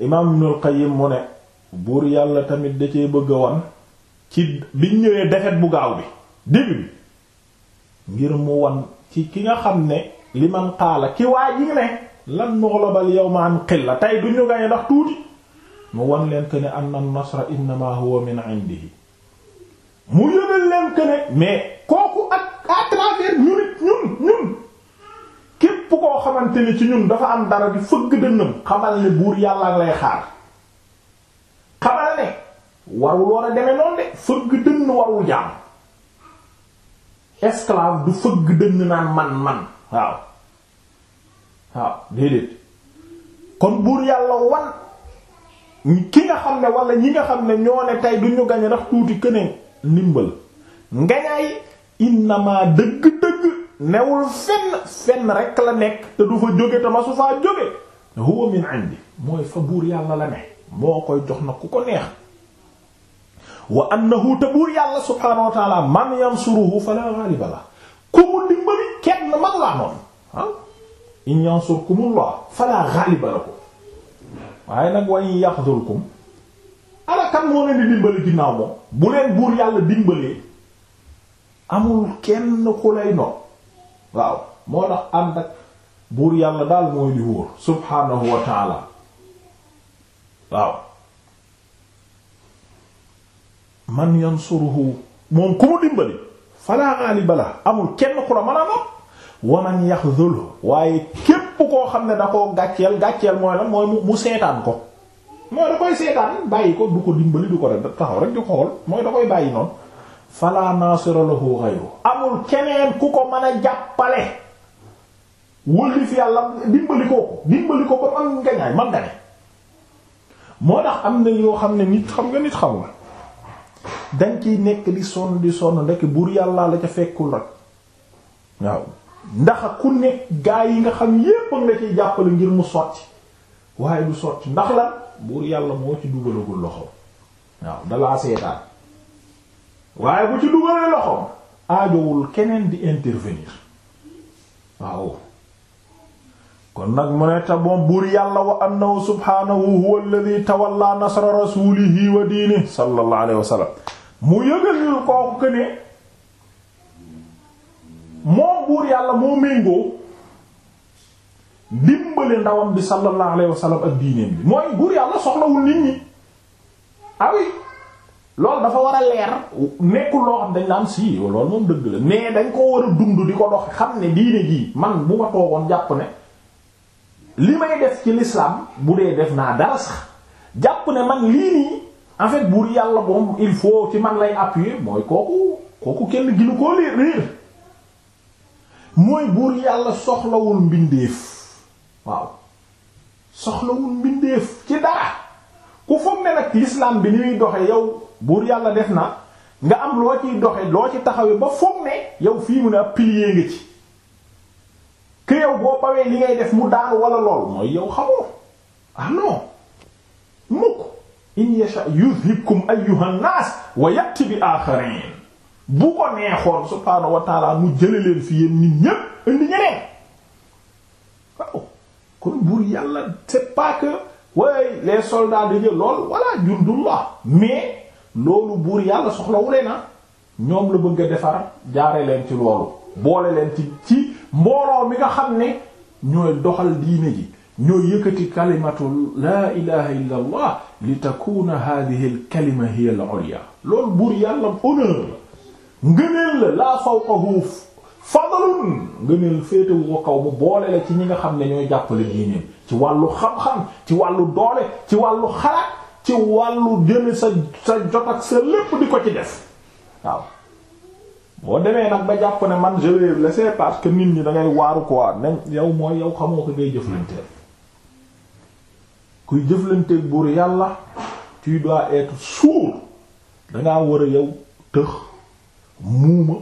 imaam Ibnul Qayyim mu ne buur yàlla tamit da cee bëgg a ci biñ ñëwee defet bu gaaw bi début bi ngir mu wan ci ki nga xam ne li man xaala ki waa ji ne lan nughlabal yawma an qilla tey du ñu gañe ndax tuuti mu wan leen que ne anna nasra innama huwa min indihi mu yëgal leen que mais kooku ak à travers ñun ñun ñun képp koo xamante ni ci ñun dafa am dara di fëgg dënnam xamal ne buur yàlla lay xaar xamal ne warul war a demee noonu de fëgg dënn warul jaam esclave du fëgg dënn naan man man waaw waaw déedéet kon buur yàlla wan ki nga xam ne walla ñi nga xam ne ñoo ne tey duñu gañ ndax tuuti kënee ndimbal ngañaay innamaa dëgg newul fenn fenn rek la nekk te du fa jóge te ma su faa jóge huwa min indi mooy fa buur yàlla la ne moo koy jox na ku ko neex wa annahu te buur yàlla subhaanahu wa man yansuruhu fala kenn mag laa noonu ah in waaye nag wa in yaxdulkum moo leen di dimbali ginnaaw moom bu leen buur yàlla dimbalee amul kenn ku lay noonu waaw moo tax ànd ak buur yàlla daal mooy li wóor subhaanahu wa taala waaw man yansuruhu moom ku mu dimbali falaa ghaaliba la amul kenn ku la mën a nopp wa man yaxdulhu waaye képp koo xam ne da koo gàcceel gàcceel mooy lan mooy mu seetaan ko mooy da koy seetaan bàyyi ko du ko dimbali du ko rek taxaw rek di ko xool mooy da koy bàyyi noonu fala nasira lahu amul keneen ku ko mën a jàppale wóli fi yàlla dimbali ko dimbali ko ba man ngañaay man nga ne moo tax am na yoo xam ne nit xam nga nit xam nga dañ ciy nekk di sonn di sonn ndekk buur yàllaa la ca fekkul rek waaw ndax ku nekk gaa yi nga xam yépp nga ci jàppale ngir mu sotti waaye du sotti ndax la buur yàlla moo ci dugalagul loxo waaw dalaa seetaan waaye bu ci dugalee loxoom aajowul keneen di intervenir waaw kon nag mu ne te moom buur yàlla wa annahu subhaanahu huwa alladhi tawalla nasra rasulihi wa diinihi sallallahu alayhi wa sallam mu yëgalil kooku que ne buur yàlla moo méngoo dimbale ndawam bi sallallahu alayhi wa sallam ak diineem bi mooy buur yàlla soxlawul nit ñi awi ah loolu dafa war a leer nekkul loo xam dañ la am si loolu moom dëgg la mais dañ koo war a dund di ko dox xam ne diine jii man bu ma toogoon jàpp ne li may def ci l'islam bu dee def naa dara sax jàpp ne man lii nii en buur yàlla moom il faut ci man lay appuyer mooy kooku kooku kenn ginu koo liir riir mooy buur yàlla soxlawul mbindeef waaw soxlawul mbindeef ci dara ku foog ne nag l'islam bi ni muy doxe yow buur yàlla def na nga am loo ciy doxe loo ci taxawee ba foog ne yow fii mu ne ab pilier nga ci que yow boo bawee li ngay def mu daal walla lool mooy yow xamoo ah mukk in yasha yuzhibkum ayyuhan nas wa yati bi akharin bu ko neexoon subhaanahu wa taala mu jële fi yéen nit ñépp indi ñeneen waaw kon buur yàlla c'est way les soldats de Dieu lool walla jundullah mais loolu buur yàlla soxlawule na ah. ñoom la bëgg a defar jaare leen ci loolu boole leen ci ci mbooloo mi nga xam ne ñooy doxal diine ji ñooy yëkkati kalimatu laa ilaha illa allah li takuna hadhihi al kalima hiya al ulya loolu buur yàlla honneur la ngëneel la laa fawqahu fadlun ngëneel féetawu ko kaw mu boole la ci ñi nga xam ne ñooy jàppale diine ci wàllu xam-xam ci wàllu doole ci wàllu xalaat ci wàllu jële sa sa jot ak sa lépp di ko ci def waaw boo demee nag ba jàpp ne man je vais laisser parce que nit ñi da ngay waaru quoi nañ yow mooy yow xamoo ko ngay jëflanteel kuy jëflanteeg buur yàlla tu dois être sûr dangaa war a yow tëx muuma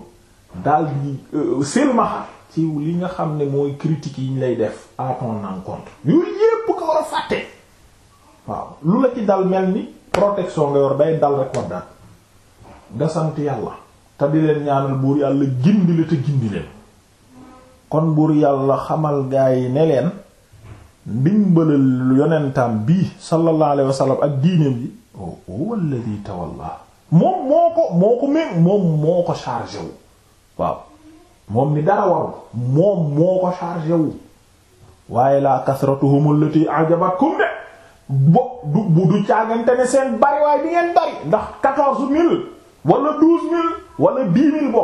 daal euh, silmaxa ci li nga xam ne mooy critiques yi ñu lay def à ton encontre yooyu yépp ko war a fàtte waaw lu la ci dal mel ni protection nga yor day dal rek war daal nga sant yàlla te di leen ñaanal buur yàlla gindi la te gindi leen kon buur yàlla xamal gaa yi ne leen ndimbalal yonentam bii sallallahu alayhi wasallam ak diineem bi oh, huwa alladhi tawalla moom moo ko moo ko mé moom moo ko chargé waaw moom ni dara waru moom moo ko chargé wu waaye laa kasratuhum allati ajabatkum de bo du bu du càggante ne seen bari bi ngeen bari ndax quatorze mille wala douze mille wala dix mille bo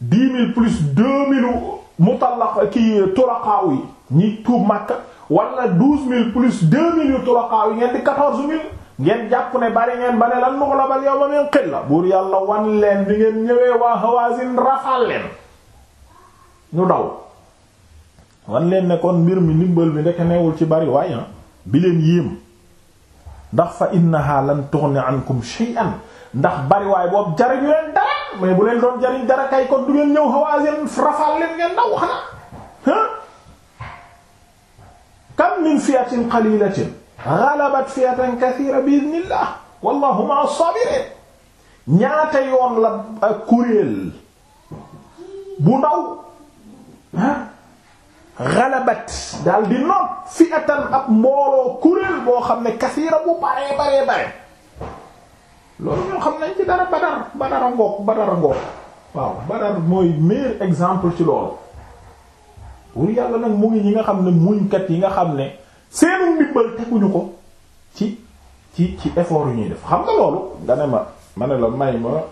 dix mille plus deux mille mutallaq ki turaqaaw yi ñi tuub Makka wala douze mille plus deux mille yu turaqaaw yi ngeen di quatorze mille ngeen jàpp ne bari ngeen ba ne lan nuxla bal yow ba ngeen la buur yàlla wan leen bi ngeen ñëwee waa Hawazin rafal leen ñu daw wan leen nekkoon mbir mi ndimbal bi ndeke neewul ci bari waaye ah, bi leen yéem ndax fa innaha lan tughni ankum shay'an ndax bariwaay boobu jariñu leen dara mais bu leen doon jariñ dara kay kon du ngeen ñëw Hawazin rafal leen ngeen daw xanaa ah. kam min fi'atin qalilatin ghalabat fi'atan kathira bi idhnillah wallahu ma'a sabirin yoon la kuréel bu ndaw xalabat daal di noot fi atan ab mbooloo kuréel boo xam ne kasiira bu baree baree bare loolu ñoo xam nañ ci dara badar badara ngoog badara ngoog waaw badar mooy meilleur exemple ci loolu wur yàlla nag mu ngi ñi nga xam ne muñkat yi nga xam ne seenu ndimbal teguñu ko ci ci ci effort yu ñuy def xam nga loolu nga ne ma ma ne la may ma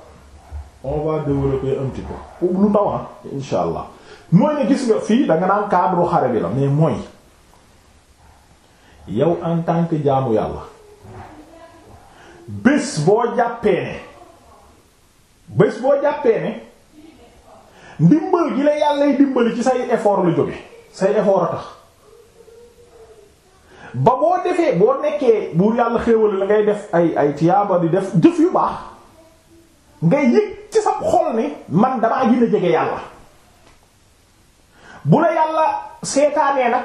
on va développer un petit peu lu ndaw ah insha allah mooy ne gis nga fii danga naan cadre xare bi la mais mooy yow en tant que jaamu yàlla bés boo jàppee ne bés boo jàppee ne ndimbal gi la yàllay dimbali ci say effort la jóge say effort a tax ba boo defee boo nekkee buur yàlla xéewal la ngay def ay ay tiyaaba di def jëf yu baax ngay yëg ci sam xol ne man damaa gën a jege yàlla bu la yàlla seetaanee nag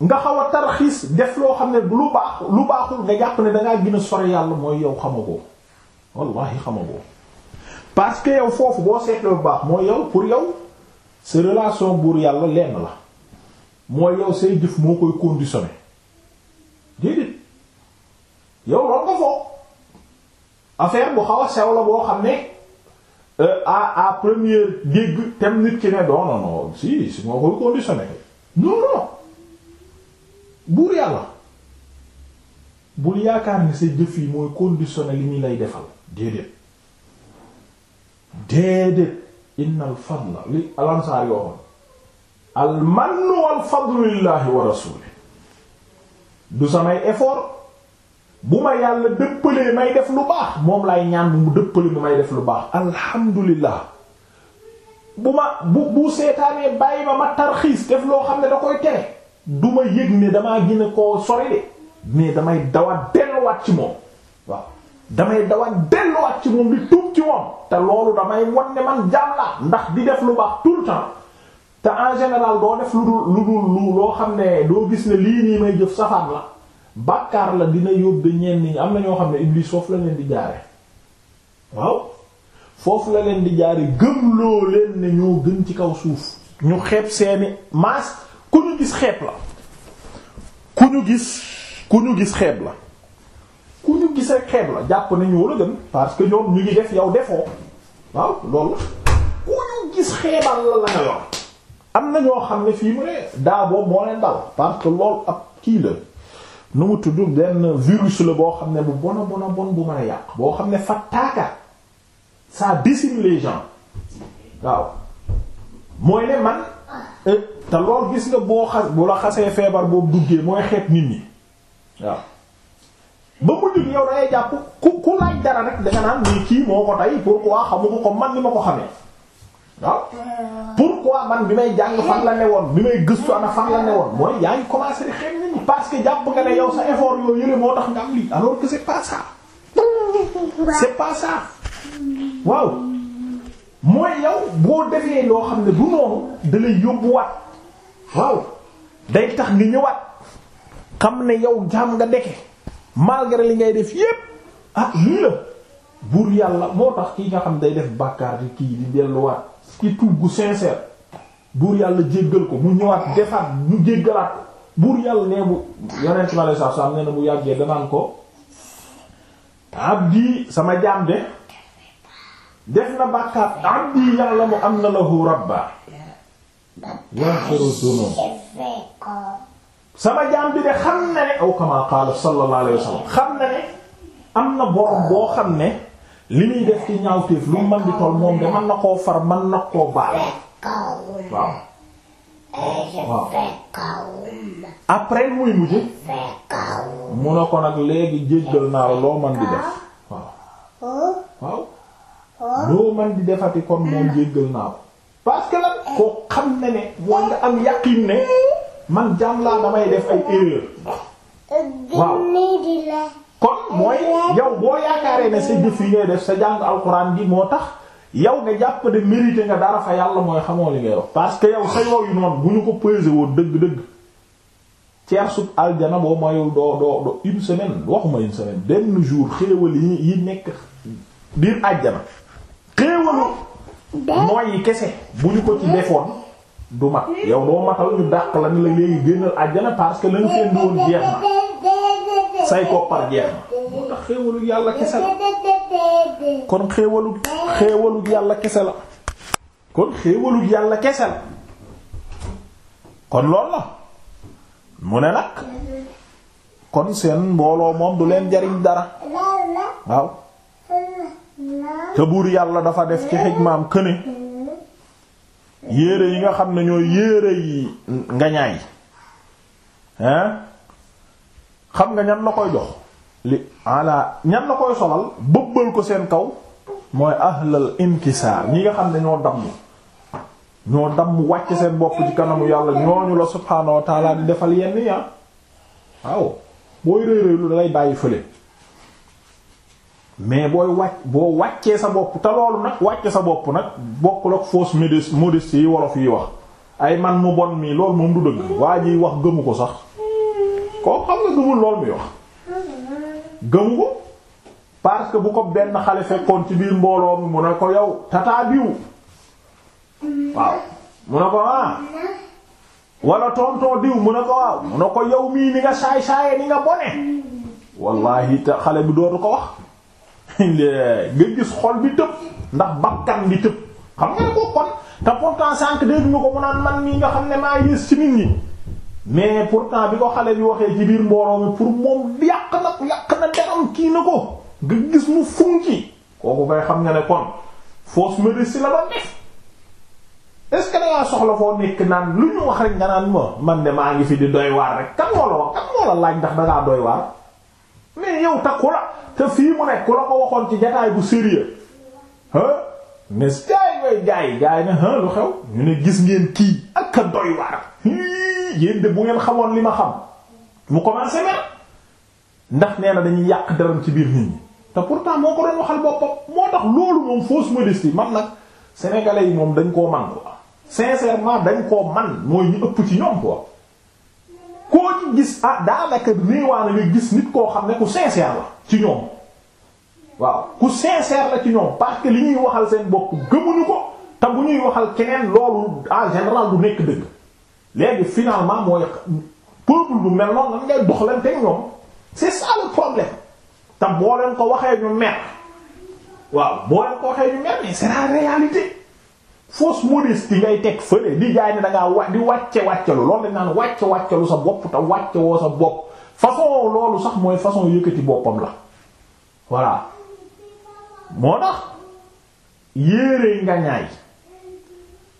nga xaw a tarxiis def loo xam ne lu baax lu baaxul nga jàpp ne dangaa gën a sori yàlla mooy yow xamagoo wallahi xamagoo parce que yow foofu boo seetlee bu baax mooy yow pour yow sa relation buur yàlla lenn la mooy yow say jëf moo koy conditionné affaire bu xaw a sew la boo xam ne euh, à à première dégg tem nit ki ne non non non si si moo koy conditionné non non buur yàlla bul yaakaar ne sa jëf yi mooy conditionné li ñu lay defal déedéet déedéet innal fadla li alansaar yoo xam al mannu wal fadlu lillahi wa du samay effort bu ma yàlla dëppalee may def lu baax moom lay ñaan mu dëppale mu may def lu baax alhamdulillah bu ma bu bu seetaanee bàyyi ma ma tarxiis def loo xam ne da koy tere du ma yëg ne damaa gën koo sori de mais damay dawaat delluwaat ci moom waaw damay dawaat delluwaat ci moom di tuub ci moom te loolu damay wan ne man jaam ndax di def lu baax tout temps te en général doo def lu dul lu loo xam ne doo gis ne lii nii may jëf safaan la bàkkaar la dina yóbbe ñenn ñi am na ñoo xam ne iblis foofu la leen di jaare waaw foofu la leen di jaare gëm loo leen ne ñoo gën ci kaw suuf ñu xeeb seeni maas ku ñu gis xeeb la ku ñu gis ku ñu gis xeeb la ku ñu gis rek xeeb la jàpp ne ñoo la gën parce que ñoom ñu ngi def yow defoo waaw loolu ku ñu gis xeebal la la nga yor am na ñoo xam ne fii mu ne daa moo leen dal parce que loolu ab kii la nu mu tudd benn virus la boo xam ne bu bona bono bon bu mën yàq boo xam ne fattaaka ça décime les gens waaw mooy ne man euh, te lool gis nga boo xas bu la xasee feebar boobu duggee mooy xeet nit ñi waaw ba mu jug yow dangay jàpp ku ku laaj dara rek danga naan nii kii moo ko tey pourquoi xamu ko comme man ni ma ko xamee waaw pourquoi man bi may jàng fan la ne woon bi may gëstu ana fan la ne woon mooy yaa ngi commencé di nit parce que jàpp nga ne yow sa effort yooyu yële moo tax nga am lii alors que c'est pas ça c'est pas waaw mooy yow boo defee loo xam ne du noonu da lay yóbbuwaat waaw day tax nga ñëwaat xam ne yow jaam nga ndeke malgré li ngay def yépp ah lii la buur yàlla moo tax kii nga xam day def bàkkaar di kii di delluwaat ki tuub gu buur yàlla jéggal ko mu ñëwaat defaat mu jéggalaat ko buur yàlla nee bu yonent ko abdi sama jaam de def na bàkkaat abdi yàlla mu am na lahu rabba yaghfiru dhunub sama jaam bi de xam na ne aw kama qaala sallallahu alayhi wa sallam xam na ne am na borom boo xam ne li muy def ci ñaawteef lu mën di moom de mën na koo far man na koo baal waaw après muy mujj mu ne ko nag léegi jéggal naa loo man di def waaw waaw loo man di defati kon moom jéggal naa ko parce que xam ne ne moo nga am yaqin ne man jaam laa damay def ay erreur waaw kon mooy yow boo yaakaaree ne sa jëf yi ngay def sa jàng alxuraan gi moo tax yow nga jàpp ne mérité nga dara fa yàlla mooy xamoo li ngay wax parce que yow sa yooyu noonu bu ñu ko pesé woon dëgg-dëgg ceersub aljana boo mayul doo doo doo une semaine waxuma une semaine benn jour xéewal yi yi nekk biir àjjana xéewalu nooy yi kese bu ñu ko ci defoon du mat yow doo matal ñu dàq la ne la léegi génnal àjjana parce que lañ seen doon jeex na say koppar jeex na moo tax xéewalu yàlla kese la kon xéewalu yàlla kese la kon lool yàlla mu ne nag kon seen mbooloo moom du leen jariñ dara waaw te buur yàlla dafa def ci xikmaam këne yére yi nga xam ne ñoo yére yi ngañaay hein xam nga ñan la koy jox li ala ñan la koy solal bëbbal ko seen kaw mooy ahlal inkisaar ñi nga xam ne ñoo damm ñoo mu wàcc seen bopp ci kanamu yàlla ñooñu la subhaanahu wa taala di defal yenn yaa ah. waaw booy rëy rëylu dalay bàyyi fële mais booy wàcc boo wàccee sa bopp te loolu nag wàcce sa bopp nag bokkul ak fausse modestie yi wolof yi wax ay man mu bon mii loolu moom du dëgg waa ji wax gëmu ko sax kooku xam nga gëmul lool muy wax gëmu ko parce que bu ko benn xale fekkoon ci biir mbooloo mi mu ne ko yow tata biw waaw mu ne ko ah wala tonton diw mu ne ko waaw mu ne ko yow mii ni nga saay saaye ni nga bone wallahi te xale bi doo dootu ko wax nga gis xol bi tëb ndax bakkan bi tëb xam nga ko kon te pourtant sànq dégg nga ko mu naan man mii nga xam ne maa yées ci nit ñi mais pourtant bi ko xale bi waxee ci biir mbooloo pour moom yàq na yàq na deram kii na ko nga gis mu funki kooku koy xam nga ne kon fausse modestie la ba def est-ce que dangaa soxla foo nekk naan lu ñu wax rek nga naan ma man de maa ngi fi di doy waar rek kan moo la wax kan moo la laaj ndax dangaa doy waar mais yow ta ku la te fii mu nekk ku la ko waxoon ci jataay bu sérieux ah mais gaay yooyu gaay gaay na lu xew ñu ne gis ngeen kii ak a yéen de bu ngeen xamoon li ma xam mu commencé mer ndax nee na dañuy yàq daram ci biir nit ñi te pourtant moo ko doon waxal boppam moo tax loolu moom fausse modestie man nag sénégalais yi moom dañ koo man quoi sincèrement dañ koo man mooy ñu ëpp ci ñoom quoi koo ci gis ah daanaka néewaana nga gis nit koo xam ne ku sincère la ci ñoom waaw ku sincère la ci ñoom parce que li ñuy waxal seen bopp gëmuñu ko te bu ñuy waxal keneen loolu en général du nekk dëgg léegi finalement mooy peuple bu mel noonu lan ngay doxalanteeg ñoom c'est ça problème te boo leen ko waxee ñu mer waaw boo leen ko waxee ñu mer mais c'est la réalité fausse modestie ngay teg fële di jaay ne da ngaa wa di wàcce wàccelu loolu dañ naan wàcce wàccelu sa bopp te wàcce woo sa bopp façon loolu sax mooy façon yëkkati boppam la voilà moo tax yéere nga ñaay.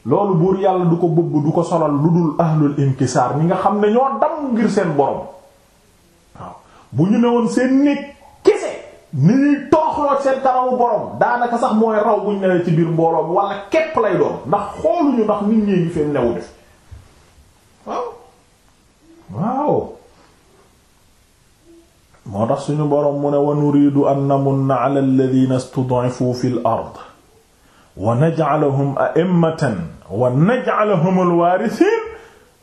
loolu buur yàlla du ko bëbb du ko solal lu dul ahlul inkisaar ñi nga xam ne ñoo dam ngir seen borom waaw bu ñu ne woon seen néeg kese ni ñuy tooxloot seen kanamu borom daanaka sax mooy raw buñ newee ci biir mbooloo bi képp lay doon ndax xooluñu ndax nit ñee ngi feen newu def waaw waaw moo tax suñu borom mu ne wa nuridu an namunna ala alladhina istud'ifu fil ard wa naj'alahum a'immatan wa naj'alahum al-warithin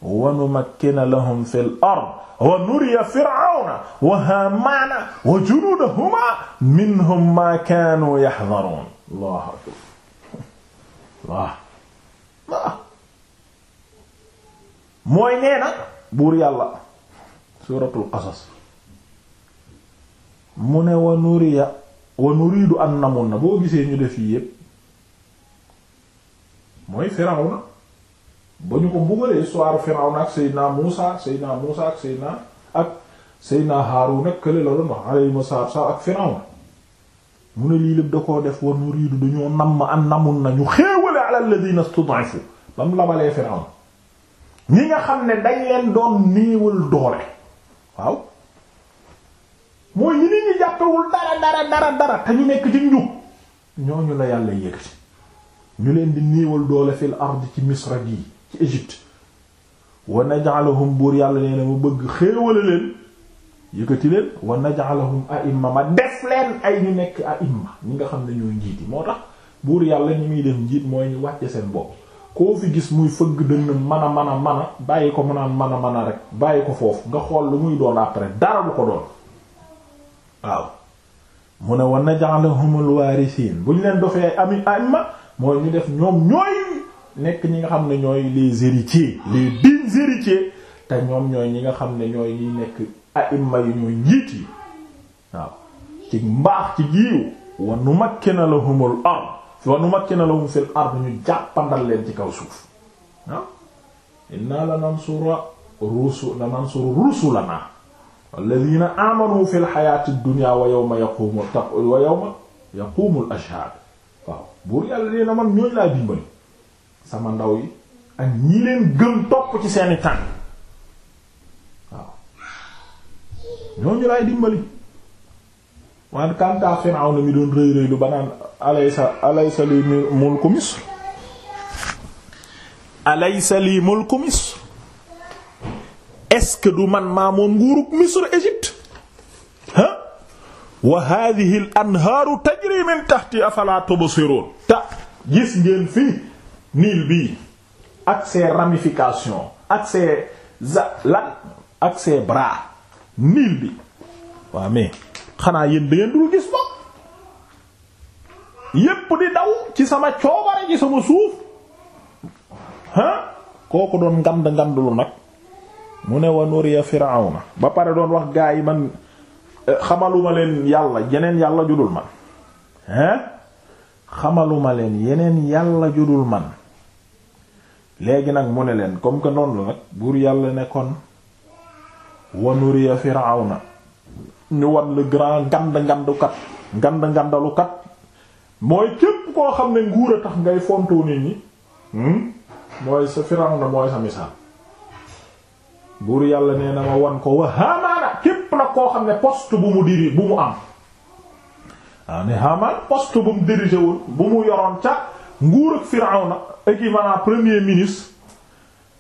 wa numakkina lahum fil ard wa nuriya fir'awna wa haamaana wa junuudahumaa minhum maa kaanuu yahdharuun Allahu akbar Allah Allah mooy nee na buur yàlla suuratul qasas mu ne wa nuriya wa nuriidu an namunna boo gisee ñu def yépp mooy Firawna ba ñu ko buggalee histoire Firawna ak Seydina Muusa Seydina Muusa ak Seydina ak Seydina Haaruna nag kële la doon wax alayhi salaatu ak Firawna mu ne lii lépp da koo def war nu riidu dañoo nam an namun nañu xéewale ala alladhina stud'ifu ba mu labalee Firawna ñi nga xam ne dañ leen doon néewal doole waaw mooy ñi nit ñi jàppewul dara dara dara dara te ñu nekk ci njub ñooñu la yàlla yëkkati ñu leen di niiwal doole fil ard ci misra gi ci Égypte wa naj'aluhum buur yàlla nee na mu bëgg xéewale leen yëkkati leen wa naj'aluhum a'imma ma def leen ay ñu nekk a'imma ñi nga xam ne ñu njiit yi moo tax buur yàlla ñu muy def njiit mooy wàcce seen bopp koo fi gis muy fëgg dënn mën a mën a mën bàyyi ko manaan naan mën a mën a rek bàyyi ko foofu nga xool lu muy doon après dara lu ko doon waaw mu ne wa naj'aluhum al-warithin buñ leen dofee ami a'imma mooy ñu def ñoom ñooy nekk ñi nga xam ne ñooy les héritiers les dignes héritiers te ñoom ñooy ñi nga xam ne ñooy ñi nekk a'imma yi ñooy njiit yi waaw ci mbaax ci giiw wa numakkina lahumul ard wa numakkina lahum fil ard ñu jàppandal leen ci kaw suuf waaw inna lanansuru rusul lanansuru rusulana alladhina amanu fil hayatid dunya wa yawma yaqumu wa yawma yaqumu al waaw buur yàlla dee na man ñooñ laa dimbali sama ndaw yi ak ñi leen gëm topp ci seeni tànk waaw ñooñu laay dimbali waan kantaa Firawna mi doon rëy rëy lu ba naan alaysa alaysa li mulku Misr alaysa li mulku Misr est-ce que du man maa moom nguurug Misr wa hadhihi al anhaaru tajri min tahti afala tubsirun ta gis ngeen fii niil bii ak ses ramifications ak lan ak ses niil bi waaw mais xanaa yéen da gis ba yépp di daw ci sama coobare ci sama suuf ah kooku doon ngand ngandlu nag mu ne wa nuriya firawna ba pare doon wax gaa yi man xamaluma leen yàlla yeneen yàlla judul man hein xamaluma leen yeneen yàlla judul man léegi nag mu ne leen comme que noonu la nag buur yàlla ne kon wanuriya na ñu wan le grand ngand ngandukat ngand ngandalukat mooy képp koo xam ne nguur a tax ngay fontoo nit ñi hmm? mooy sa firawna mooy sa misaal buur yàlla nee na ma wan ko wa nag koo xam ne poste bu mu diri bu mu am waaw ah, ne Haman poste bu mu dirigé woon bu mu yoroon ca nguur ak Firawna équivalent premier ministre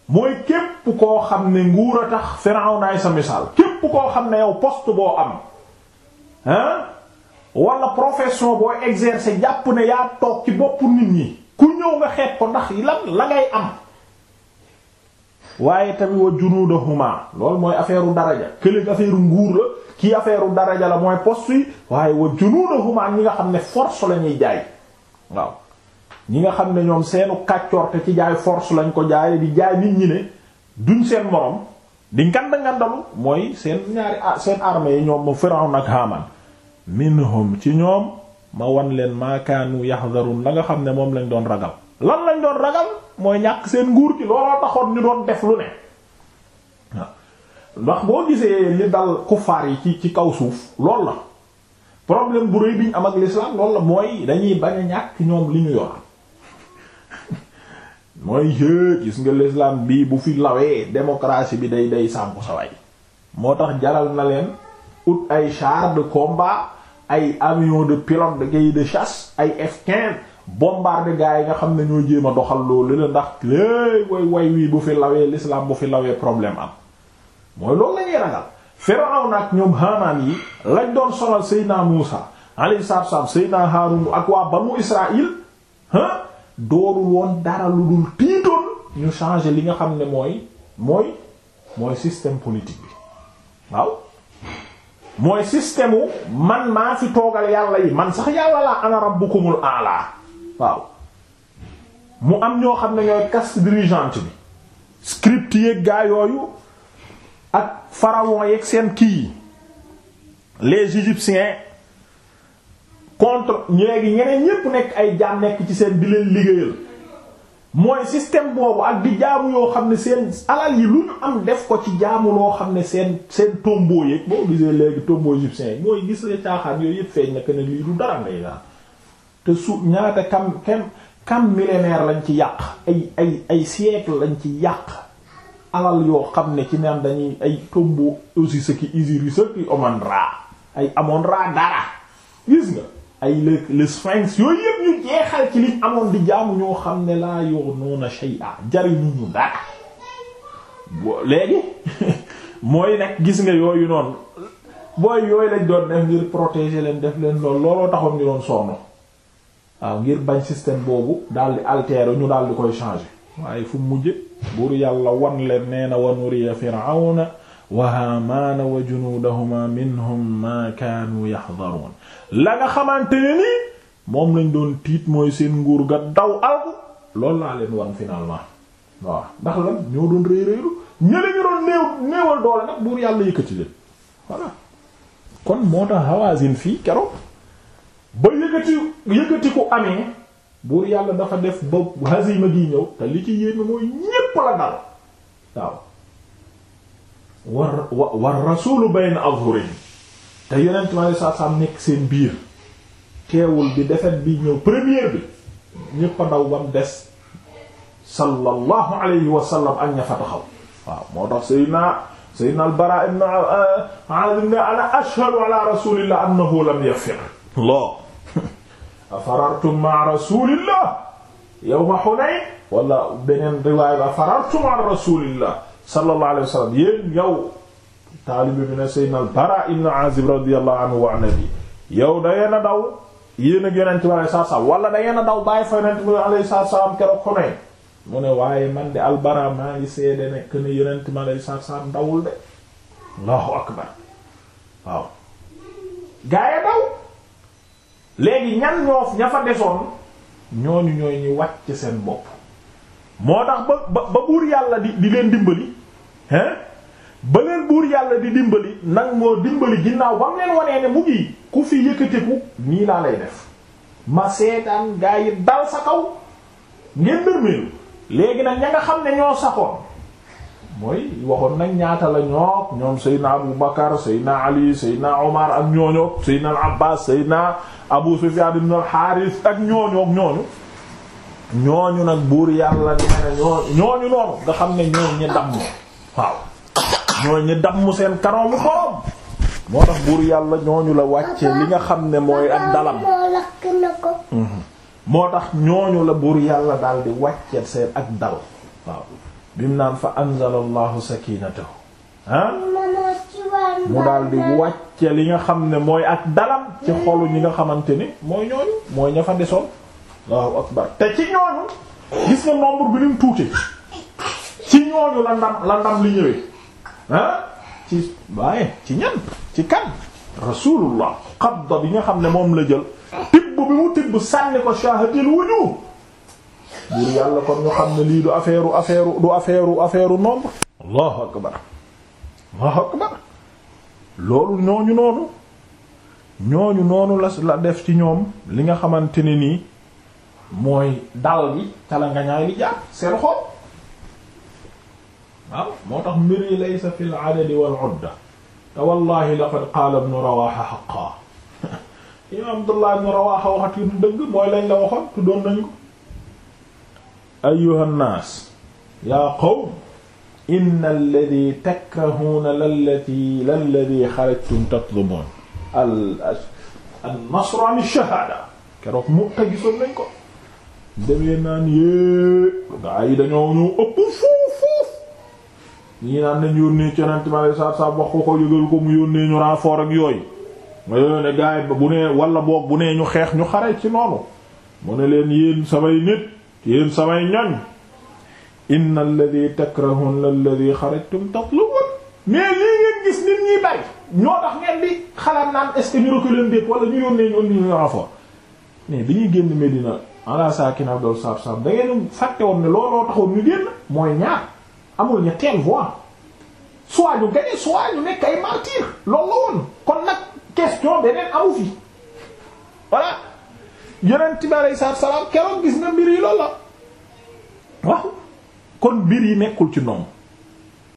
mooy képp koo xam ne nguur a tax Firawnaay sa misaal képp koo xam ne yow poste boo am hein wala profession boo exercer jàpp ne yaa toog ci boppu nit ñi ku ñëw nga xeet ko ndax lan la ngay am waaye tamit wa junuudahuma lool mooy affaire u daraja kële affaire nguur la kii affaire u daraja la mooy poste yi waaye wa junuudahuma ñi nga xam ne force la ñuy jaay waaw ñi nga xam ne ñoom seenu kàccoor te ci jaay force lañ ko jaay di jaay nit ñi ne duñ seen morom di nganda ngandalu mooy seen ñaari seen armée yi ñoom Firawna ak Haamaan minhum ci ñoom ma wan leen maakaanu yaxdarun la nga xam ne moom lañ doon ragal lan lañ doon ragal mooy ñàkk seen nguur gi looloo taxoon ñu doon def lu ne ndax boo gisee li dal kuffaar yi ci ci kaw suuf lool la problème bu rëy bi ñu am ak l'islam lool la mooy dañuy bañ a ñàkk ñoom li ñu yor mooy jë gis nga l'islam bii bu fi lawee démocratie bi day day sànku saway moo tax jaral na leen ut ay chars de combat ay avions de pilote de guerre de chasse ay f bombarder gars yi nga xam ne ñoo jéem a doxal loolu la ndax léegi way way wii bu fi lawee l'islam bu fi lawee problème am mooy loolu la ñuy ragal Firawna ak ñoom Haamaan yi lañ doon sonal Seydina Muusa alayhi salaatu wassalaam Seydina Haarun ak waa Banu Israël ah doorul woon dara lu dul tiitoon ñu changer li nga xam ne mooy mooy mooy système politique bi waaw mooy système man maa fi toogal yàlla yi man sax yàlla laa ana rabbukumul a'la waaw mu am ñoo xam ne ñooy caste dirigeante bi script yeeg gaa yooyu ak pharaon yeeg seen kii yi les égyptiens contre ñeegi ñeneen ñépp nekk ay jaam nekk ci seen di leen liggéeyal mooy système boobu ak di jaamu yoo xam ne seen alal yi lu ñu am def ko ci jaamu loo xam ne seen seen tombeau yeeg boo gisee léegi tombeau égyptien yi mooy gis la caaxaan yooyu yëpp feeñ na ne lii du dara ngay daal te su ñaata kam kam kam millénaire lañ ci yàq ay ay ay siècle lañ ci yàq alal yoo xam ne ci naan dañuy ay tombo aussi sëki Isiris sëki Omon ay Amon Ra ay le yooyu yëpp ñu jeexal ci liñ amoon di jaamu ñoo xam ne laa yor noona shay'a jariñuñu dara léegi mooy nag gis nga yooyu noonu booy yooyu lañ doon def ngir protégé leen def leen loolu looloo taxoon ñu doon sonn waaw ngir bañ système boobu daal di altérer ñu daal di koy changer waaye fu mujje buur yàlla wan leen nee na wa nuriya firawna wa haamaana wa junuudahuma minhum maa kaanu yaxdaruun la nga xamante ne moom lañ doon tiit mooy seen nguur ga daw alku loolu laa leen wan finalement waaw ndax lan ñoo doon réy réylu ñële ñu doon néew doole nag buur yàlla yëkkati leen voilà kon moo tax Hawazin fii keroog ba yëkkati yëkkati ku amee buur yàlla dafa def ba hazima gi ñëw te li ci yéeme mooy ñépp la dal waaw war wa war rasulu bayna azhurin te yonent ma saa saam nekk seen biir teewul bi defet bi ñëw première bi ñépp a daw bam des sallallahu alayhi wa sallam ak ña waaw moo tax sayyidina sayyidina al-Bara ibn euh, Azib ne ana ashhadu ala rasulillah annahu lam yafir afarartum ma'a rasulillah yawma Hunayn wala beneen riwaaya ba afarartum ma'a rasulillah sallallahu alayhi wa sallam yéen yow taalibe bi na sayyidina al-Bara ibn Azib radiyallahu anhu wa nabi yow dangeen a daw yéen ak yonent bi alayhi salaam wala dangeen a daw bàyyi fa yonent bi alayhi salaam keroog Hunayn mu ne waaye man de albara maa ngi seede ne que ne yonent ma lay sar sar dawul de allahu akbar waaw gaaya daw léegi ñan ñoo ña fa desoon ñooñu ñooy ñi wàcc seen bopp moo tax ba ba buur yàlla di di leen dimbali hein ba leen buur yàlla di dimbali nag moo dimbali ginnaaw bam leen wanee ne mu ngi ku fi yëkkateku nii laa lay def ma seetaan gaa yi dal sa kaw ngeen dërmeelu léegi nag ña nga xam ne ñoo saxoon mooy waxoon nag ñaata la ñoog ñoom Seydina Abu Bakar Seydina Ali Seydina Omar ak ñooñoog Seydina Abbas Seydina Abu Sufyan ibn al-Harith ak ñooñoog ñooñu ñooñu nag buur yàlla nee na ñooñu noonu nga xam ne ñooñu ñi damm waaw ñooñu seen karoomu moo tax buur yàlla ñooñu la wàcce li nga xam ne mooy ak dalam mm-hmm. moo tax ñooñu la buur yàlla daal di wàcce seen ak dal waaw bi mu naan fa anzalallahu sakinatahu ah mu daal di wàcce li nga xam ne mooy ak dalam ci xolu ñi nga xamante ni mooy ñooñu mooy ña fa desoon allahu akbar te ci ñooñu gis nga nombre bi nim tuuti ci ñooñu la ndam la ndam li ñëwee ah ci waaye ci ñan ci kan rasulullah qabda bi nga xam ne moom la jël tibb bi mu tibb sànni ko shaahatil wujuh buur yàlla kon ñu xam ne lii du affaire u affaire du affaire u affaire nombre allahu akbar allahu akbar loolu ñooñu noonu ñooñu noonu la la def ci ñoom li nga xamante ne nii mooy dal bi cala nga ñaay li jaar seen xol waaw moo tax mbir yi laysa fil adadi wal udda te wallahi laqad qaala ibn rawaha haqqan imam abdullah ibn rawaha waxat yu dëgg mooy lañ la waxoon tuddoon nañ ko ayyuha nnaas yaa qawm inna alladi takrahuuna lalladi lalladi xarajtum tatlubuun al nasru an shahaada keroog Mu'ta gisoon nañ ko demee naan yée gaa yi dañoo ñu ëpp foof foof ñii naan nañ yónnee yonent mi alayhi salaatu salaam wax ko ko yëgal ko mu yónnee ñu renfort ak yooyu ma ne gaa bu nee wala boog bu nee ñu xeex ñu xare ci noonu mu ne leen yéen samay nit yéen samay ñoñ inna alladhi takrahuna alladhi kharajtum tatlubun mais lii ngeen gis nit ñi bari ñoo tax ngeen di xalaat naa est-ce que ñu reculer ndépp wala ñu yónnee ñu indi ñu renfort mais bi ñuy génn Medina ala sakin abdol saab-saab da woon ne mooy amul ñetteel voie soit ñu gagné soit ñu nekk ay martyr loolu la woon kon nag question beneen amu fi voilà yonent bi aleyhi salaatu wa salaam keroog gis na mbir yi loolu la waaw kon mbir yi nekkul ci noonu